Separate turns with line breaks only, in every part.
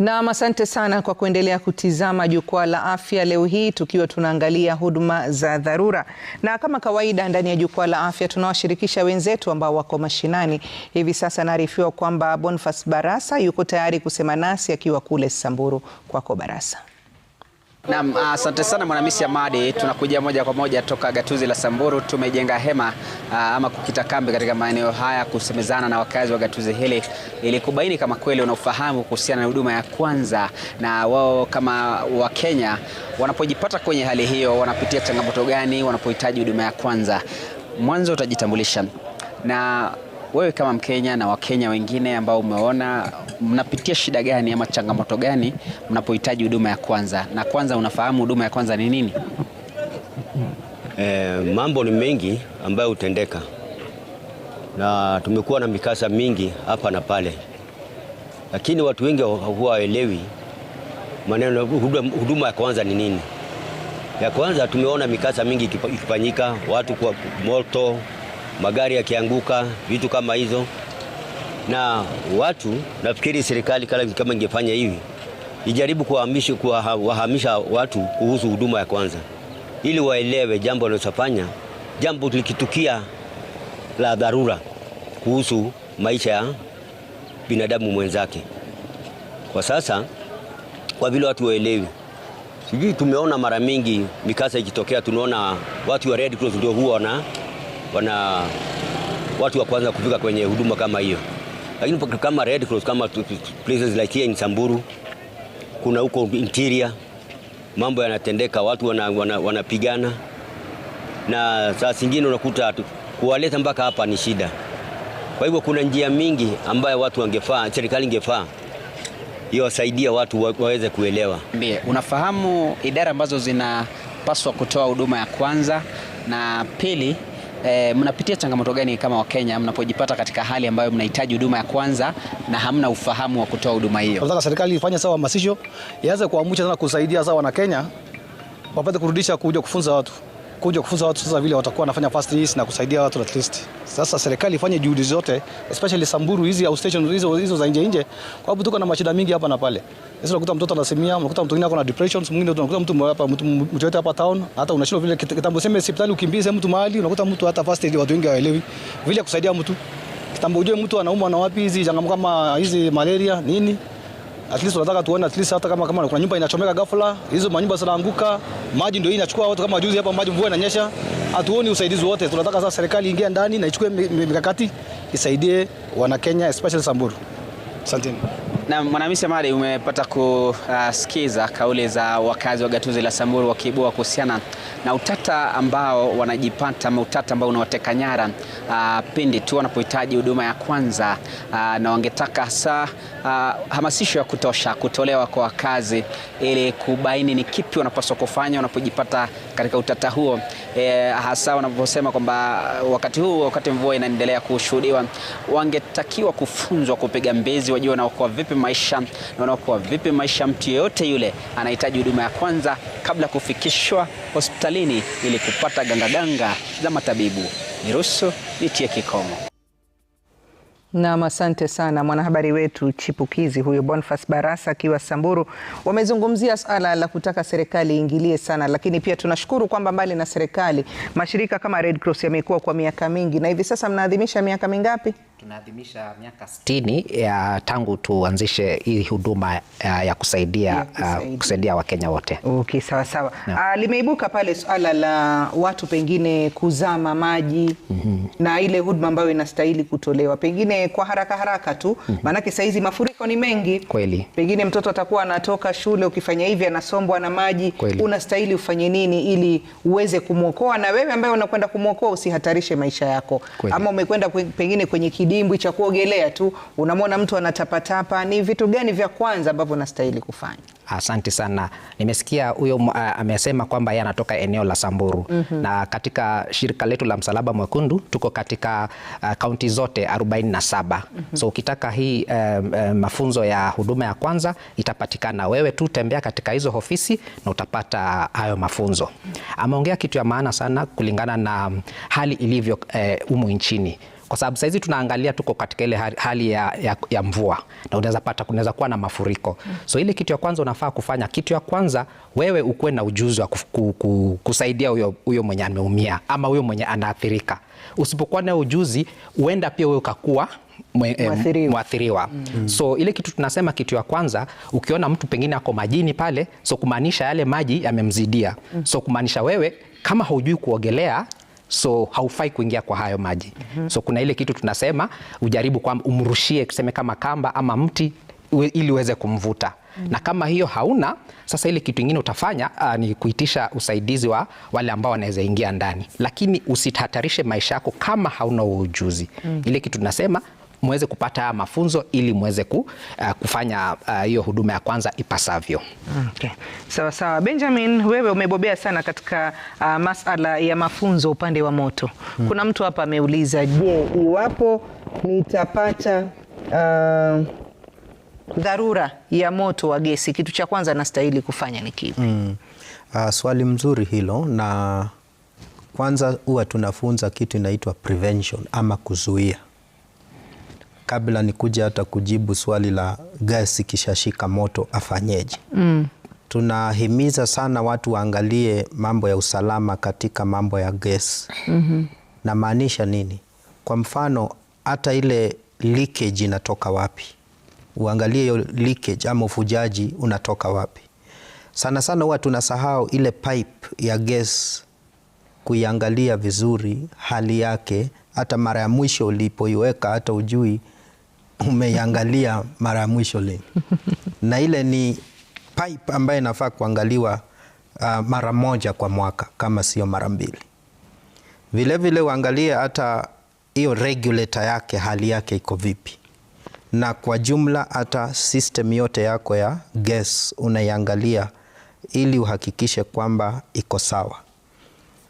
Nam, asante sana kwa kuendelea kutizama Jukwaa la Afya leo hii tukiwa tunaangalia huduma za dharura, na kama kawaida ndani ya Jukwaa la Afya tunawashirikisha wenzetu ambao wako mashinani hivi sasa. Naarifiwa kwamba Boniface Barasa yuko tayari kusema nasi akiwa kule Samburu. Kwako Barasa.
Naam, asante sana Mwanamisi Amadi. Tunakuja moja kwa moja toka gatuzi la Samburu. Tumejenga hema ah, ama kukita kambi katika maeneo haya kusemezana na wakazi wa gatuzi hili ili kubaini kama kweli wanaofahamu kuhusiana na huduma ya kwanza, na wao kama Wakenya wanapojipata kwenye hali hiyo wanapitia changamoto gani wanapohitaji huduma ya kwanza. Mwanzo utajitambulisha na wewe kama Mkenya na Wakenya wengine ambao umeona, mnapitia shida gani ama changamoto gani mnapohitaji huduma ya kwanza? Na kwanza unafahamu huduma ya kwanza ni nini?
E, mambo ni mengi ambayo hutendeka na tumekuwa na mikasa mingi hapa na pale, lakini watu wengi huwa waelewi maneno huduma ya kwanza ni nini. Ya kwanza tumeona mikasa mingi ikifanyika, watu kwa moto magari yakianguka, vitu kama hizo. Na watu nafikiri serikali kama ingefanya hivi, ijaribu kuwahamisha kuwahamisha watu kuhusu huduma ya kwanza, ili waelewe jambo wanalofanya, jambo likitukia la dharura kuhusu maisha ya binadamu mwenzake. Kwa sasa kwa vile watu waelewi, sijui, tumeona mara mingi mikasa ikitokea, tunaona watu wa Red Cross ndio huwa na wana watu wa kwanza kufika kwenye huduma kama hiyo, lakini kama Red Cross, kama places like here in Samburu, kuna huko interior mambo yanatendeka, watu wanapigana wana, wana na saa zingine unakuta kuwaleta mpaka hapa ni shida. Kwa hivyo kuna njia mingi ambayo watu wangefaa, serikali ingefaa iwasaidia watu wa, waweze kuelewa.
Mbie, unafahamu idara ambazo zinapaswa kutoa huduma ya kwanza na pili e, mnapitia changamoto gani kama Wakenya mnapojipata katika hali ambayo mnahitaji huduma ya kwanza na hamna ufahamu wa kutoa huduma hiyo?
Nataka serikali ifanye sawa hamasisho, ianze kuamsha sana kusaidia sawa na Kenya wapate kurudisha kuja kufunza watu kuja kufunza watu sasa vile watakuwa wanafanya fast release na kusaidia watu at least. Sasa serikali ifanye juhudi zote especially Samburu hizi au station hizo hizo za nje nje, kwa sababu tuko na mashida mingi hapa na pale. Sasa unakuta mtoto anasemia, unakuta mtu mwingine ako na depressions, mwingine unakuta mtu hapa mtu mtu yote hapa town, hata unashindwa vile kitambo, sema hospitali ukimbize mtu mahali, unakuta mtu hata fast release watu wengi hawaelewi vile kusaidia mtu kitambo, ujue mtu anaumwa na wapi, hizi changamoto kama hizi malaria nini at least tunataka tuone at least hata kama kama kuna nyumba inachomeka ghafla, hizo manyumba zinaanguka, maji ndio hii inachukua watu. Kama juzi hapa maji mvua inanyesha, hatuoni usaidizi wote. Tunataka sasa serikali ingie ndani na ichukue mikakati isaidie wana Kenya especially Samburu. Asante.
Na Mwanamisi Amari, umepata kusikiza uh, kauli za wakazi wa gatuzi la Samburu wakiibua kuhusiana na utata utata ambao wanajipata ama utata ambao unawateka nyara uh, pindi tu wanapohitaji huduma ya kwanza uh, na wangetaka hasa uh, ah, hamasisho ya kutosha kutolewa kwa wakazi ili kubaini ni kipi wanapaswa kufanya wanapojipata katika utata huo e, hasa wanaposema kwamba wakati huu, wakati mvua inaendelea kushuhudiwa, wangetakiwa kufunzwa kupiga mbizi, wajua wanaokoa vipi maisha na wanaokoa vipi maisha. Mtu yeyote yule anahitaji huduma ya kwanza kabla kufikishwa hospitalini ili kupata gangaganga za matabibu. Niruhusu nitie kikomo.
Nam, asante sana mwanahabari wetu chipukizi huyo Bonfas Barasa akiwa Samburu. Wamezungumzia swala la kutaka serikali iingilie sana, lakini pia tunashukuru kwamba mbali na serikali, mashirika kama Red Cross yamekuwa kwa miaka mingi, na hivi sasa mnaadhimisha miaka mingapi? tunaadhimisha miaka
60 ya tangu tuanzishe hii huduma ya kusaidia, ya Uh, kusaidia Wakenya wote.
Okay, sawa sawa. Uh, limeibuka pale swala la watu pengine kuzama maji mm -hmm. na ile huduma ambayo inastahili kutolewa pengine kwa haraka haraka tu mm -hmm. maanake saizi mafuriko ni mengi kweli. Pengine mtoto atakuwa anatoka shule, ukifanya hivi anasombwa na maji kweli. Unastahili ufanye nini ili uweze kumwokoa, na wewe ambaye unakwenda kumwokoa usihatarishe maisha yako kweli. Ama umekwenda pengine kwenye kidi kidimbwi cha kuogelea tu, unamwona mtu anatapatapa, ni vitu gani vya kwanza ambavyo unastahili kufanya?
Asante sana. Nimesikia huyo uh, amesema kwamba yeye anatoka eneo la Samburu mm -hmm. na katika shirika letu la Msalaba Mwekundu tuko katika uh, kaunti uh, zote 47 mm -hmm. so ukitaka hii uh, uh, mafunzo ya huduma ya kwanza itapatikana, wewe tu tembea katika hizo ofisi na utapata hayo mafunzo mm -hmm. Ameongea kitu ya maana sana kulingana na um, hali ilivyo uh, eh, umu nchini kwa sababu hizi tunaangalia tuko katika ile hali ya, ya, ya mvua na unaweza pata kunaweza kuwa na mafuriko So ile kitu ya kwanza unafaa kufanya, kitu ya kwanza wewe ukuwe na ujuzi wa kusaidia huyo mwenye ameumia ama huyo mwenye anaathirika. Usipokuwa na ujuzi, huenda pia wewe ukakuwa mwathiriwa mm. So ile kitu tunasema, kitu ya kwanza ukiona mtu pengine ako majini pale, so kumaanisha yale maji yamemzidia, mm. So kumaanisha wewe kama haujui kuogelea so haufai kuingia kwa hayo maji mm -hmm. So kuna ile kitu tunasema ujaribu kwamba umrushie tuseme kama kamba ama mti ili uweze kumvuta mm -hmm. Na kama hiyo hauna, sasa ile kitu ingine utafanya uh, ni kuitisha usaidizi wa wale ambao wanaweza ingia ndani, lakini usihatarishe maisha yako kama hauna ujuzi mm -hmm. Ile kitu tunasema muweze kupata haya mafunzo ili muweze ku, uh, kufanya uh, hiyo uh, huduma ya kwanza ipasavyo.
Okay. Sawa sawa. Benjamin, wewe umebobea sana katika uh, masala ya mafunzo upande wa moto. Hmm. Kuna mtu hapa ameuliza,
je, iwapo nitapata uh, dharura ya moto wa gesi, kitu cha kwanza nastahili kufanya ni kipi? Mm. Uh, swali mzuri hilo, na kwanza huwa tunafunza kitu inaitwa prevention ama kuzuia kabla nikuja hata kujibu swali la gesi ikishashika moto afanyeje? mm. Tunahimiza sana watu waangalie mambo ya usalama katika mambo ya gesi mm -hmm. na maanisha nini? Kwa mfano hata ile leakage inatoka wapi, uangalie hiyo leakage ama ufujaji unatoka wapi. Sana sana huwa tunasahau ile pipe ya gesi kuiangalia vizuri hali yake, hata mara ya mwisho ulipoiweka hata ujui umeiangalia mara ya mwisho lini? na ile ni pipe ambayo inafaa kuangaliwa uh, mara moja kwa mwaka kama sio mara mbili. Vilevile uangalie hata hiyo regulator yake hali yake iko vipi, na kwa jumla hata system yote yako ya gas unaiangalia ili uhakikishe kwamba iko sawa,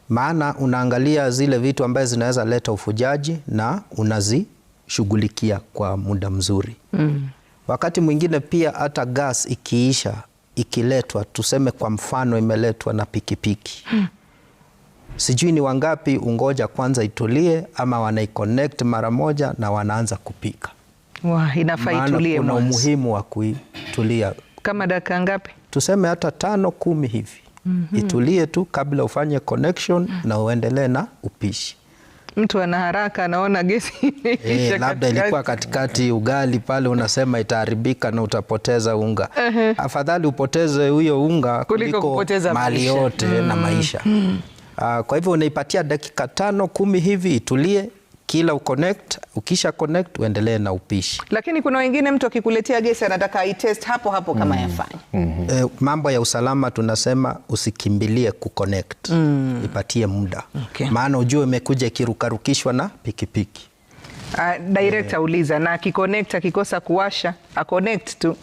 maana unaangalia zile vitu ambaye zinaweza leta ufujaji na unazi shughulikia kwa muda mzuri mm. Wakati mwingine pia hata gas ikiisha ikiletwa, tuseme kwa mfano imeletwa na pikipiki mm. Sijui ni wangapi ungoja kwanza itulie, ama wanaiconnect mara moja na wanaanza kupika. Kuna umuhimu wa kuitulia
kama dakika ngapi?
Tuseme hata tano kumi hivi mm -hmm. Itulie tu kabla ufanye connection mm. na uendelee na upishi
mtu ana haraka anaona gesi
Hey, eh, labda ilikuwa katikati ugali pale, unasema itaharibika na utapoteza unga. uh -huh. Afadhali upoteze huyo unga kuliko, kuliko mali yote mm. na maisha mm. Ah, kwa hivyo unaipatia dakika tano kumi hivi itulie kila uconnect, ukisha connect uendelee na upishi.
Lakini kuna wengine mtu akikuletea gesi anataka aitest hapo hapo kama mm. Mm-hmm. yafanya mm
-hmm. Eh, mambo ya usalama tunasema usikimbilie kuconnect mm. ipatie muda okay. Maana ujue imekuja ikirukarukishwa na pikipiki
Uh, director, yeah. Uliza na akikonekta akikosa kuwasha aconnect tu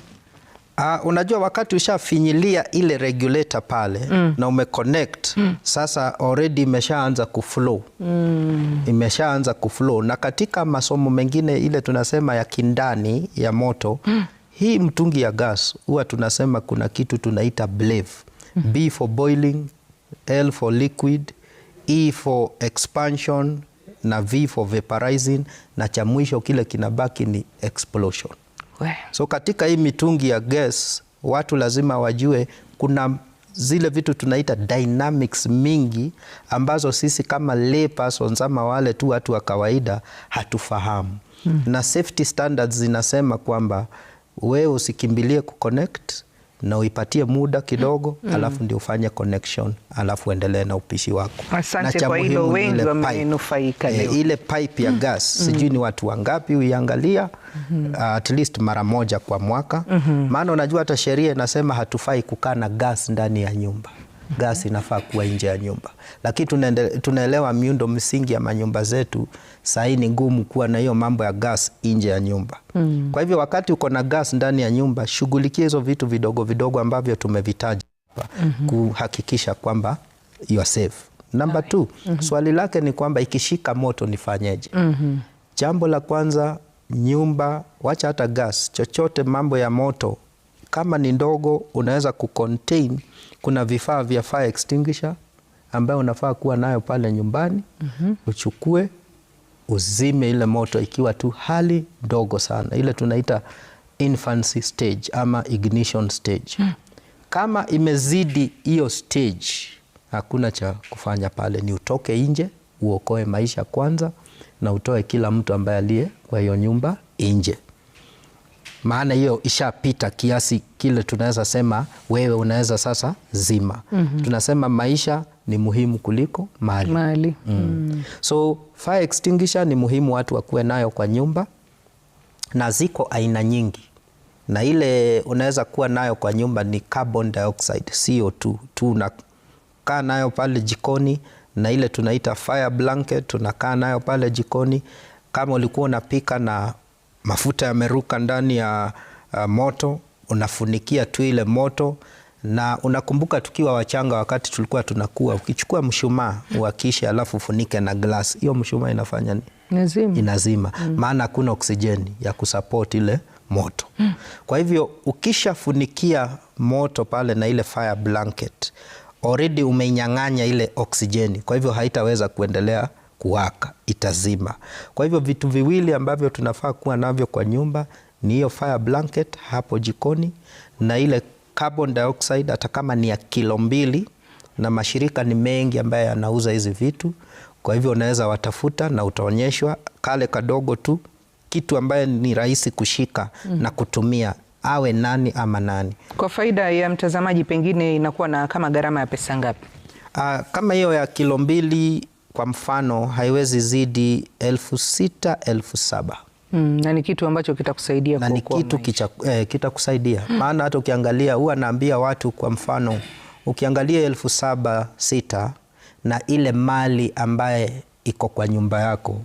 Uh, unajua wakati ushafinyilia ile regulator pale mm. na umeconnect mm. Sasa already imeshaanza kuflow mm. imeshaanza kuflow, na katika masomo mengine ile tunasema ya kindani ya moto mm. hii mtungi ya gas huwa tunasema kuna kitu tunaita blave mm. B for boiling, L for liquid, E for expansion na V for vaporizing, na cha mwisho kile kinabaki ni explosion. We. So katika hii mitungi ya gas watu lazima wajue kuna zile vitu tunaita dynamics mingi ambazo sisi kama lay ama wale tu watu wa kawaida hatufahamu. Hmm. Na safety standards zinasema kwamba wewe usikimbilie kuconnect na uipatie muda kidogo mm. Alafu ndio ufanye connection, alafu endelee na upishi wako.
Asante kwa hilo, wengi wamenufaika. Eh, leo.
ile pipe ya mm. gas mm. Sijui ni watu wangapi uiangalia mm -hmm. At least mara moja kwa mwaka mm-hmm. maana mm -hmm. Unajua hata sheria inasema hatufai kukaa na gas ndani ya nyumba gasi inafaa kuwa nje ya nyumba, lakini tunaelewa miundo msingi ya manyumba zetu sahii ni ngumu kuwa na hiyo mambo ya gas nje ya nyumba mm. Kwa hivyo wakati uko na gas ndani ya nyumba, shughulikia hizo vitu vidogo vidogo ambavyo tumevitaja mm -hmm. kuhakikisha kwamba you are safe. Namba okay. mm -hmm. swali lake ni kwamba ikishika moto nifanyeje? mm -hmm. Jambo la kwanza, nyumba, wacha hata gas, chochote mambo ya moto kama ni ndogo, unaweza kucontain kuna vifaa vya fire extinguisher ambayo unafaa kuwa nayo pale nyumbani mm -hmm. Uchukue uzime ile moto ikiwa tu hali ndogo sana, ile tunaita infancy stage ama ignition stage mm. Kama imezidi hiyo stage, hakuna cha kufanya pale, ni utoke nje uokoe maisha kwanza, na utoe kila mtu ambaye aliye kwa hiyo nyumba nje maana hiyo ishapita kiasi kile tunaweza sema wewe unaweza sasa zima. mm -hmm. Tunasema maisha ni muhimu kuliko mali, mali. Mm. Mm. So fire extinguisher ni muhimu watu wakuwe nayo kwa nyumba, na ziko aina nyingi, na ile unaweza kuwa nayo kwa nyumba ni carbon dioxide CO2 tunakaa nayo pale jikoni, na ile tunaita fire blanket tunakaa nayo pale jikoni, kama ulikuwa unapika na mafuta yameruka ndani ya uh, moto, unafunikia tu ile moto na unakumbuka tukiwa wachanga, wakati tulikuwa tunakua, ukichukua mshumaa uhakishe alafu ufunike na glas hiyo mshumaa inafanya ni inazima, inazima. Mm. Maana hakuna oksijeni ya kusupport ile moto mm. Kwa hivyo ukishafunikia moto pale na ile fire blanket already umeinyang'anya ile oksijeni, kwa hivyo haitaweza kuendelea kuwaka itazima. Kwa hivyo vitu viwili ambavyo tunafaa kuwa navyo kwa nyumba ni hiyo fire blanket hapo jikoni na ile carbon dioxide, hata kama ni ya kilo mbili, na mashirika ni mengi ambayo yanauza hizi vitu. Kwa hivyo unaweza watafuta na utaonyeshwa kale kadogo tu kitu ambaye ni rahisi kushika mm -hmm. na kutumia awe nani ama nani.
Kwa faida ya mtazamaji, pengine inakuwa na kama gharama ya pesa ngapi?
Aa, ah, kama hiyo ya kilo mbili kwa mfano haiwezi zidi elfu sita elfu saba
Mm, na ni kitu ambacho kitakusaidia na
ni kitu eh, kitakusaidia eh, kita maana hata ukiangalia huwa naambia watu kwa mfano ukiangalia elfu saba sita na ile mali ambaye iko kwa nyumba yako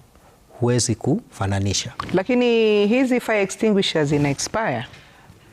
huwezi kufananisha.
Lakini hizi fire extinguishers ina expire?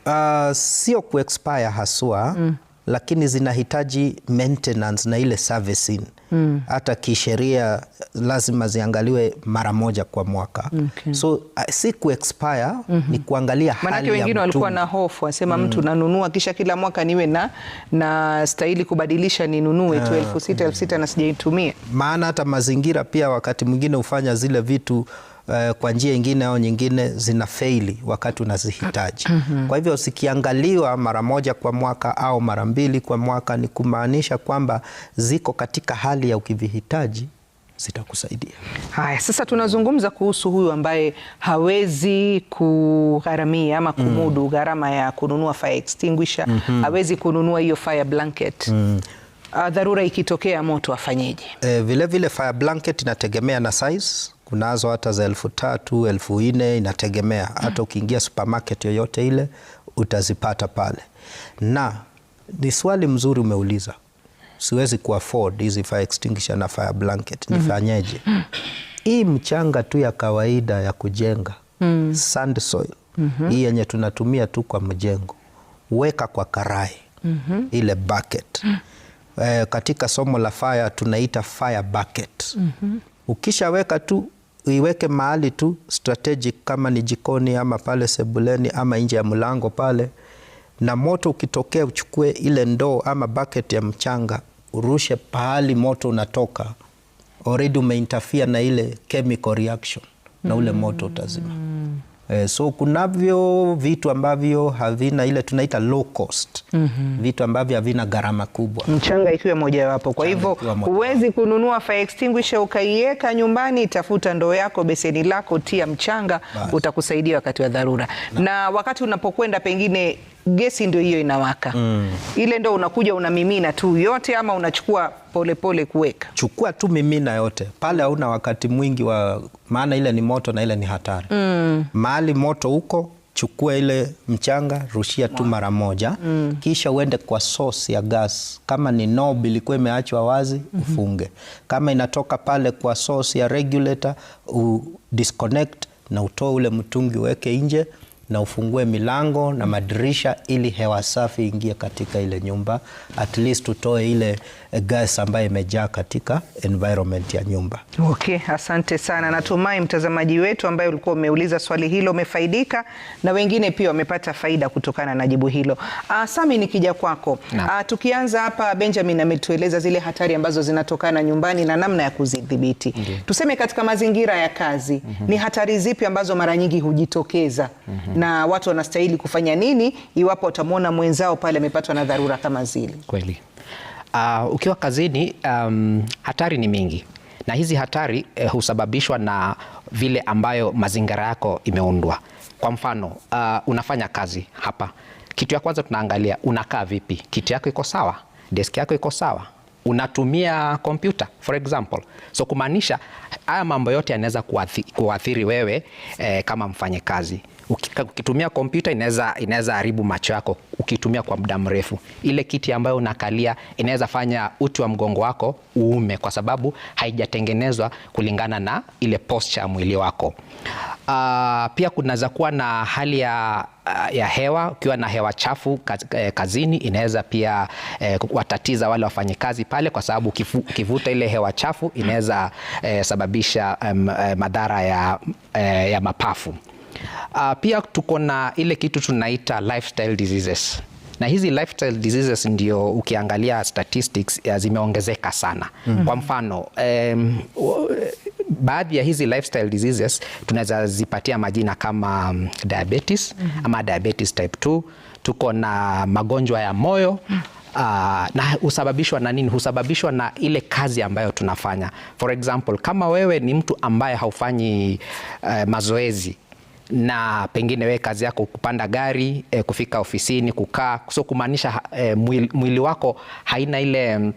Uh, sio ku expire haswa mm lakini zinahitaji maintenance na ile servicing mm. Hata kisheria lazima ziangaliwe mara moja kwa mwaka okay. So uh, si ku expire mm -hmm. Ni kuangalia hali
ya wengine walikuwa na hofu wasema mm. Mtu hmm. nanunua kisha kila mwaka niwe na na stahili kubadilisha ninunue tu ah, elfu sita elfu sita na sijaitumia.
Maana hata mazingira pia wakati mwingine hufanya zile vitu uh, kwa njia ingine au nyingine zina feili wakati unazihitaji. mm -hmm. Kwa hivyo zikiangaliwa mara moja kwa mwaka au mara mbili kwa mwaka, ni kumaanisha kwamba ziko katika hali ya ukivihitaji zitakusaidia.
Haya, sasa tunazungumza kuhusu huyu ambaye hawezi kugharamia ama mm. kumudu mm. gharama ya kununua fire extinguisher mm -hmm. hawezi kununua hiyo fire blanket mm. Ah, dharura ikitokea moto afanyeje?
E, vile vile fire blanket inategemea na size kunazo hata za elfu tatu elfu nne inategemea. Hata ukiingia supermarket yoyote ile utazipata pale, na ni swali mzuri umeuliza. Siwezi kuafford hizi fire extinguisher na fire blanket, mhm. nifanyeje? Hii mchanga tu ya kawaida ya kujenga mm. sand soil mm -hmm. hii yenye tunatumia tu kwa mjengo, weka kwa karai mm -hmm. ile bucket mm -hmm. katika somo la fire tunaita fire bucket mm -hmm. ukishaweka tu uiweke mahali tu strategic, kama ni jikoni ama pale sebuleni ama nje ya mlango pale, na moto ukitokea uchukue ile ndoo ama bucket ya mchanga urushe pahali moto unatoka, already umeinterfere na ile chemical reaction na ule moto utazima. Mm. Eh, so kunavyo vitu ambavyo havina ile tunaita low cost mm -hmm. Vitu ambavyo havina gharama kubwa,
mchanga ikiwa mojawapo. Kwa hivyo huwezi kununua fire extinguisher ukaiweka nyumbani, tafuta ndoo yako, beseni lako, tia mchanga Utakusaidia wakati wa dharura na, na wakati unapokwenda pengine gesi ndio hiyo inawaka mm. Ile ndo unakuja unamimina tu yote, ama unachukua polepole kuweka?
Chukua tu mimina yote pale, hauna wakati mwingi wa maana, ile ni moto na ile ni hatari mm. Mahali moto huko, chukua ile mchanga, rushia tu mara moja mm. Kisha uende kwa source ya gas, kama ni nob ilikuwa imeachwa wazi mm -hmm. Ufunge kama inatoka pale kwa source ya regulator, u disconnect na utoe ule mtungi uweke nje na ufungue milango na madirisha ili hewa safi ingie katika ile nyumba, at least utoe ile gas ambayo imejaa katika environment ya nyumba.
Okay, asante sana. Natumai mtazamaji wetu ambaye ulikuwa umeuliza swali hilo umefaidika na wengine pia wamepata faida kutokana na jibu hilo. Uh, Sami, nikija kwako uh, tukianza hapa, Benjamin ametueleza zile hatari ambazo zinatokana nyumbani na namna ya kuzidhibiti. Okay. Tuseme katika mazingira ya kazi mm -hmm. ni hatari zipi ambazo mara nyingi hujitokeza mm -hmm. na watu wanastahili kufanya nini iwapo watamwona mwenzao pale amepatwa na dharura kama zile?
Kweli. Uh, ukiwa kazini um, hatari ni mingi na hizi hatari eh, husababishwa na vile ambayo mazingira yako imeundwa. Kwa mfano uh, unafanya kazi hapa, kitu ya kwanza tunaangalia unakaa vipi, kiti yako iko sawa, deski yako iko sawa, unatumia kompyuta for example. So kumaanisha haya mambo yote yanaweza kuathiri wewe eh, kama mfanyakazi ukitumia kompyuta inaweza inaweza haribu macho yako ukitumia kwa muda mrefu. Ile kiti ambayo unakalia inaweza fanya uti wa mgongo wako uume, kwa sababu haijatengenezwa kulingana na ile posture ya mwili wako. Uh, pia kunaweza kuwa na hali ya ya hewa. Ukiwa na hewa chafu eh, kazini, inaweza pia eh, watatiza wale wafanyikazi pale, kwa sababu ukivuta ile hewa chafu inaweza eh, sababisha eh, madhara ya, eh, ya mapafu. Uh, pia tuko na ile kitu tunaita lifestyle diseases na hizi lifestyle diseases ndio ukiangalia statistics eh, zimeongezeka sana. mm -hmm. Kwa mfano um, baadhi ya hizi lifestyle diseases tunaweza zipatia majina kama um, diabetes mm -hmm. ama diabetes type 2. Tuko na magonjwa ya moyo mm -hmm. Uh, na husababishwa na nini? Husababishwa na ile kazi ambayo tunafanya. For example, kama wewe ni mtu ambaye haufanyi uh, mazoezi na pengine we kazi yako kupanda gari e, kufika ofisini kukaa, so kumaanisha e, mwili, mwili wako haina ile mm,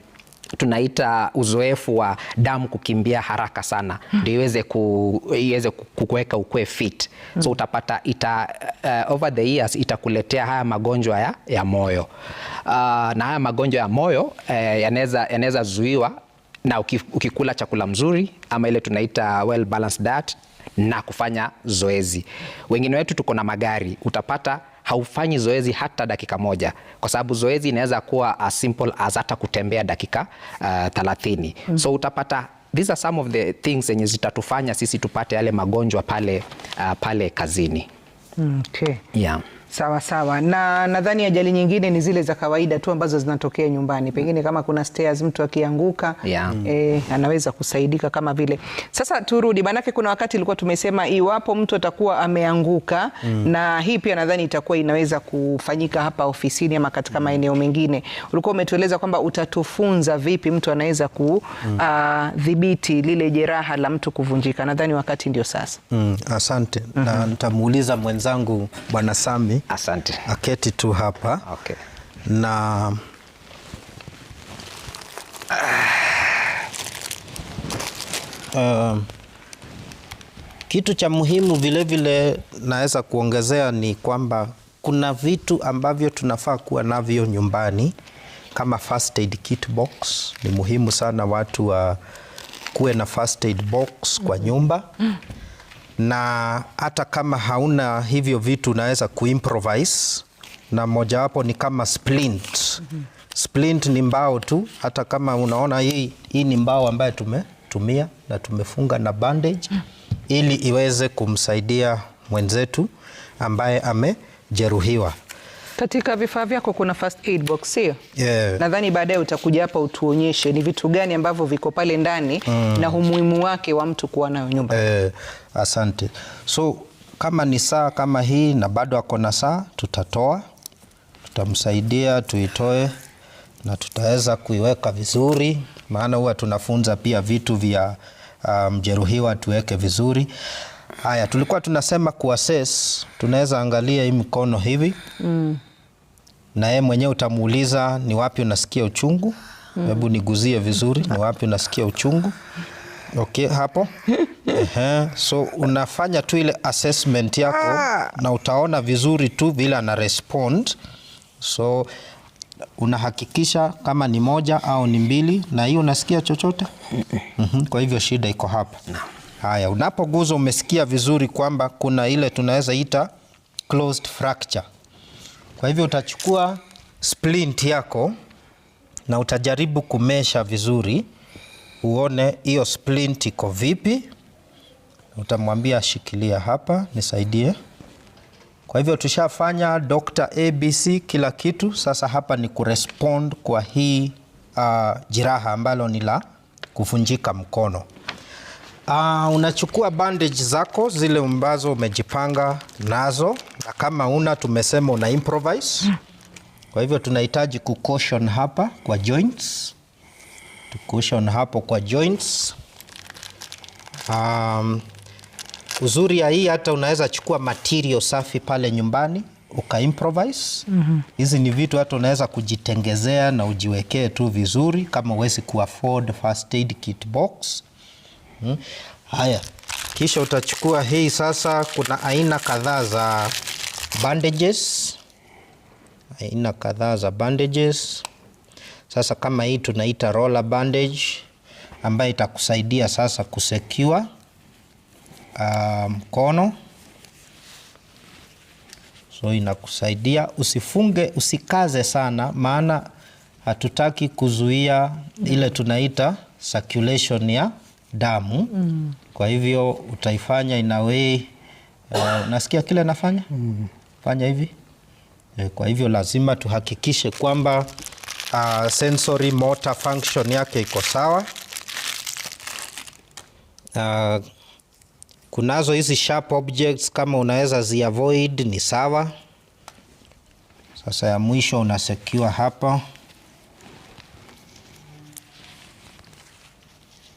tunaita uzoefu wa damu kukimbia haraka sana hmm. ndio iweze ku, iweze kukuweka ukue fit so hmm. utapata ita, uh, over the years itakuletea haya magonjwa ya, ya moyo uh, na haya magonjwa ya moyo uh, yanaweza yanaweza zuiwa na ukikula chakula mzuri ama ile tunaita well balanced diet na kufanya zoezi. Wengine wetu tuko na magari, utapata haufanyi zoezi hata dakika moja, kwa sababu zoezi inaweza kuwa as uh, simple as hata kutembea dakika uh, 30. Mm. So utapata these are some of the things zenye zitatufanya sisi tupate yale magonjwa pale, uh, pale kazini. Mm,
okay. Yeah. Sawa sawa, na nadhani ajali nyingine ni zile za kawaida tu ambazo zinatokea nyumbani, pengine kama kuna stairs mtu akianguka yeah. E, anaweza kusaidika kama vile. Sasa turudi, maanake kuna wakati ilikuwa tumesema iwapo mtu atakuwa ameanguka mm. na hii pia nadhani itakuwa inaweza kufanyika hapa ofisini ama katika mm. maeneo mengine. Ulikuwa umetueleza kwamba utatufunza vipi mtu anaweza kudhibiti mm. uh, lile jeraha la mtu kuvunjika. Nadhani wakati ndio sasa mm.
Asante mm -hmm. na mm-hmm. nitamuuliza mwenzangu Bwana Sami Asante. Aketi tu hapa okay. Na uh, kitu cha muhimu vilevile naweza kuongezea ni kwamba kuna vitu ambavyo tunafaa kuwa navyo nyumbani kama first aid kit box. Ni muhimu sana watu wa kuwe na first aid box kwa nyumba mm na hata kama hauna hivyo vitu unaweza kuimprovise, na mojawapo ni kama splint. Splint ni mbao tu, hata kama unaona hii, hii ni mbao ambayo tumetumia na tumefunga na bandage ili iweze kumsaidia mwenzetu ambaye amejeruhiwa.
Katika vifaa vyako kuna first aid box sio? Yeah. Nadhani baadaye utakuja hapa utuonyeshe ni vitu gani ambavyo viko pale ndani mm. na umuhimu wake wa mtu kuwa nayo nyumba. Eh,
asante. So kama ni saa kama hii na bado ako na saa, tutatoa tutamsaidia tuitoe na tutaweza kuiweka vizuri, maana huwa tunafunza pia vitu vya ah, mjeruhiwa um, tuweke vizuri. Haya, tulikuwa tunasema kuassess, tunaweza angalia hii mkono hivi mm. na yeye mwenyewe utamuuliza ni wapi unasikia uchungu mm. hebu niguzie vizuri, ni wapi unasikia uchungu? Okay, hapo Ehe, so unafanya tu ile assessment yako ah. na utaona vizuri tu vile ana respond, so unahakikisha kama ni moja au ni mbili, na hii unasikia chochote mm -hmm. Kwa hivyo shida iko hapa. Haya, unapoguza umesikia vizuri kwamba kuna ile tunaweza ita closed fracture. Kwa hivyo utachukua splint yako na utajaribu kumesha vizuri, uone hiyo splint iko vipi. Utamwambia shikilia hapa, nisaidie. Kwa hivyo tushafanya Dr. ABC kila kitu. Sasa hapa ni kurespond kwa hii uh, ah, jiraha ambalo ni la kuvunjika mkono. Uh, unachukua bandage zako zile ambazo umejipanga nazo, na kama una tumesema una improvise. Mm. Kwa hivyo tunahitaji kucaution hapa kwa joints, tucaution hapo kwa joints. Um, uzuri ya hii hata unaweza chukua material safi pale nyumbani uka improvise mhm. hizi. mm -hmm. Ni vitu hata unaweza kujitengezea na ujiwekee tu vizuri, kama uwezi afford first aid kit box Hmm? Haya, kisha utachukua hii sasa. Kuna aina kadhaa za bandages, aina kadhaa za bandages. Sasa kama hii tunaita roller bandage ambayo itakusaidia sasa kusekiwa mkono ah, mkono so inakusaidia usifunge, usikaze sana, maana hatutaki kuzuia ile tunaita circulation ya damu mm. Kwa hivyo utaifanya inawei eh, uh, nasikia kile nafanya mm. Fanya hivi e, kwa hivyo lazima tuhakikishe kwamba uh, sensory motor function yake iko sawa. Uh, kunazo hizi sharp objects kama unaweza zi avoid ni sawa. Sasa ya mwisho una secure hapa.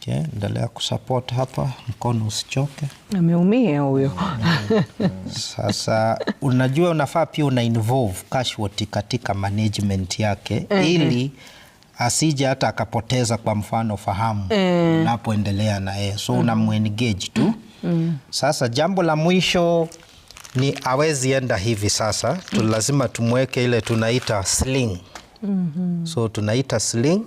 Okay, endelea kusupport hapa, mkono usichoke.
Ameumia huyo.
Sasa unajua, unafaa pia una involve Cashwat katika management yake mm -hmm. ili asije hata akapoteza kwa mfano fahamu mm. unapoendelea na yeye so mm. unamuengage tu mm. Sasa jambo la mwisho ni awezi enda hivi sasa, tulazima mm. tumweke ile tunaita sling mm -hmm. so tunaita sling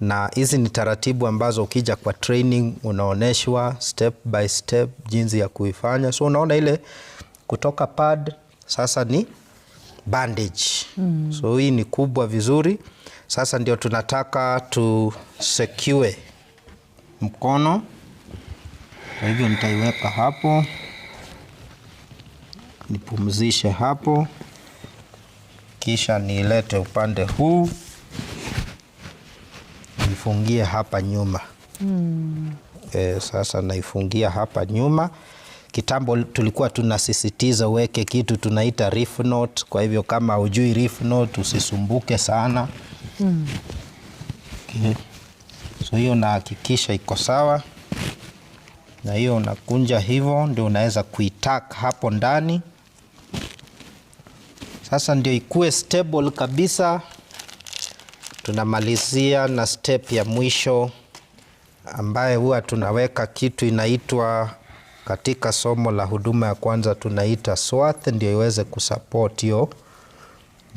na hizi ni taratibu ambazo ukija kwa training unaoneshwa step by step jinsi ya kuifanya. So unaona ile kutoka pad sasa ni bandage mm. So hii ni kubwa vizuri. Sasa ndio tunataka tu secure mkono, kwa hivyo nitaiweka hapo, nipumzishe hapo, kisha niilete upande huu naifungia hapa nyuma mm. E, sasa naifungia hapa nyuma. Kitambo tulikuwa tunasisitiza uweke kitu tunaita reef knot. Kwa hivyo kama ujui reef knot usisumbuke sana mm. Okay. So hiyo nahakikisha iko sawa, na hiyo unakunja hivyo, ndio unaweza kuitak hapo ndani. Sasa ndio ikuwe stable kabisa. Tunamalizia na step ya mwisho ambaye huwa tunaweka kitu inaitwa katika somo la huduma ya kwanza tunaita swath, ndio iweze kusupport hiyo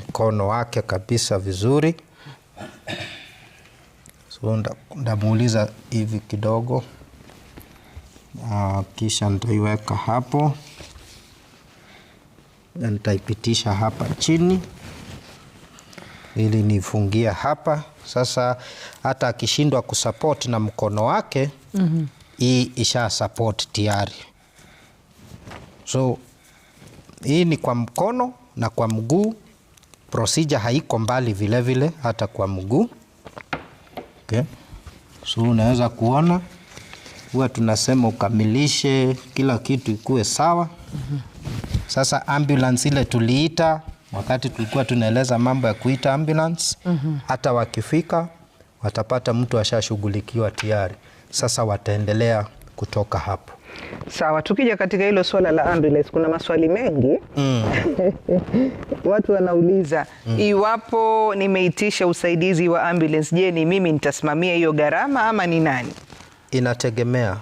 mkono wake kabisa vizuri. So ndamuuliza hivi kidogo, ah, kisha nitaiweka hapo na nitaipitisha hapa chini ili nifungia hapa sasa. Hata akishindwa kusupport na mkono wake mm hii isha support tayari, so hii ni kwa mkono na kwa mguu. Procedure haiko mbali vile vile, hata kwa mguu okay. So unaweza kuona huwa tunasema ukamilishe kila kitu ikuwe sawa. mm -hmm. Sasa ambulance ile tuliita wakati tulikuwa tunaeleza mambo ya kuita ambulance mm -hmm. hata wakifika watapata mtu ashashughulikiwa tayari. Sasa wataendelea kutoka hapo.
Sawa, tukija katika hilo swala la ambulance, kuna maswali mengi mm. watu wanauliza mm. iwapo nimeitisha usaidizi wa ambulance, je, ni mimi nitasimamia hiyo gharama ama ni nani?
Inategemea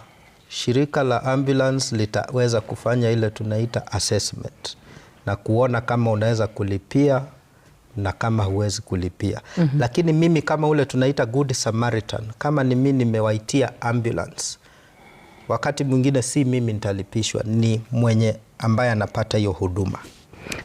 shirika la ambulance litaweza kufanya ile tunaita assessment na kuona kama unaweza kulipia na kama huwezi kulipia mm -hmm. Lakini mimi kama ule tunaita good Samaritan, kama ni mimi nimewaitia ambulance, wakati mwingine si mimi nitalipishwa, ni mwenye ambaye anapata hiyo huduma.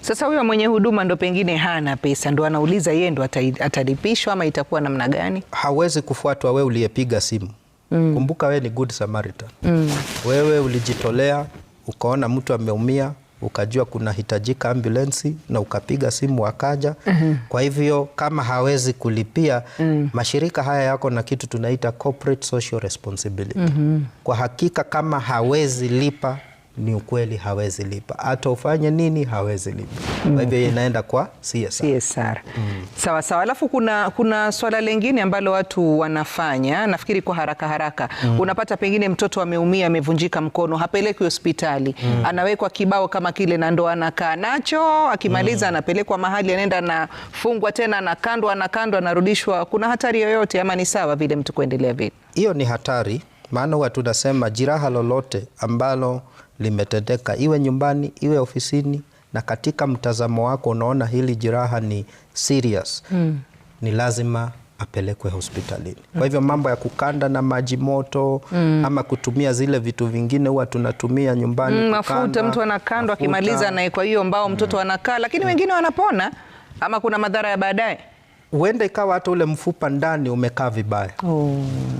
Sasa huyo mwenye huduma ndo pengine hana pesa, ndo anauliza yeye ndo atalipishwa ama itakuwa namna gani?
Hawezi kufuatwa wewe uliyepiga simu mm. Kumbuka wewe ni good Samaritan mm. Wewe ulijitolea ukaona mtu ameumia ukajua kunahitajika ambulensi na ukapiga simu wakaja. mm -hmm. Kwa hivyo kama hawezi kulipia mm. mashirika haya yako na kitu tunaita corporate social responsibility. mm -hmm. Kwa hakika kama hawezi lipa ni ukweli, hawezi lipa hata ufanye nini, hawezi lipa. Kwa hivyo mm. inaenda kwa CSR,
CSR. Mm. Sawa sawa, alafu kuna, kuna swala lingine ambalo watu wanafanya nafikiri kwa haraka haraka mm. Unapata pengine mtoto ameumia amevunjika mkono hapelekwi hospitali mm. Anawekwa kibao kama kile na ndo anakaa nacho, akimaliza mm. Anapelekwa mahali anaenda anafungwa tena na kandwa, anarudishwa. Kuna hatari yoyote ama ni sawa vile mtu kuendelea vile?
Hiyo ni hatari, maana huwa tunasema jiraha lolote ambalo limetendeka, iwe nyumbani, iwe ofisini, na katika mtazamo wako unaona hili jeraha ni serious mm. ni lazima apelekwe hospitalini. Kwa hmm. hivyo mambo ya kukanda na maji moto mm. ama kutumia zile vitu vingine huwa tunatumia nyumbani mm,
kukanda, mafuta mtu anakandwa akimaliza kwa hiyo mbao mtoto mm. anakaa, lakini mm. wengine wanapona ama kuna madhara ya baadaye
huenda ikawa hata ule mfupa ndani umekaa vibaya oh.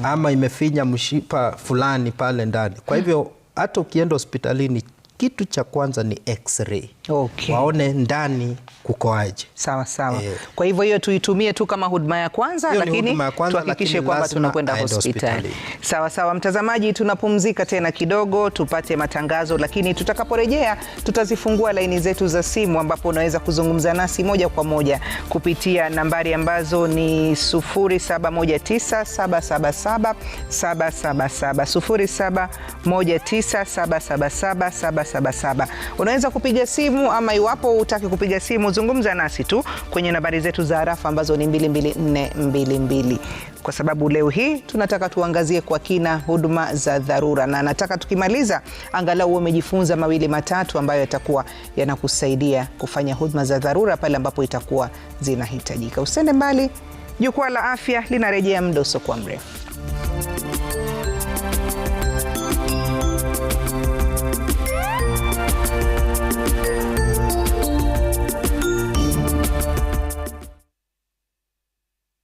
ama imefinya mshipa fulani pale ndani, kwa hmm. hivyo hata ukienda hospitalini kitu cha kwanza ni x-ray okay. waone ndani kukoaje.
sawa sawa eh. Kwa hivyo hiyo tuitumie tu kama huduma ya kwanza, lakini tuhakikishe kwamba tunakwenda hospitali. Sawa sawa, mtazamaji, tunapumzika tena kidogo tupate matangazo, lakini tutakaporejea tutazifungua laini zetu za simu, ambapo unaweza kuzungumza nasi moja kwa moja kupitia nambari ambazo ni 0719777777 0719777777. Unaweza kupiga simu simu ama iwapo hutaki kupiga simu, zungumza nasi tu kwenye nambari zetu za harafa ambazo ni 22422 kwa sababu leo hii tunataka tuangazie kwa kina huduma za dharura, na nataka tukimaliza, angalau uwe umejifunza mawili matatu ambayo yatakuwa yanakusaidia kufanya huduma za dharura pale ambapo itakuwa zinahitajika. Usende mbali, jukwaa la afya linarejea mdoso kwa mrefu.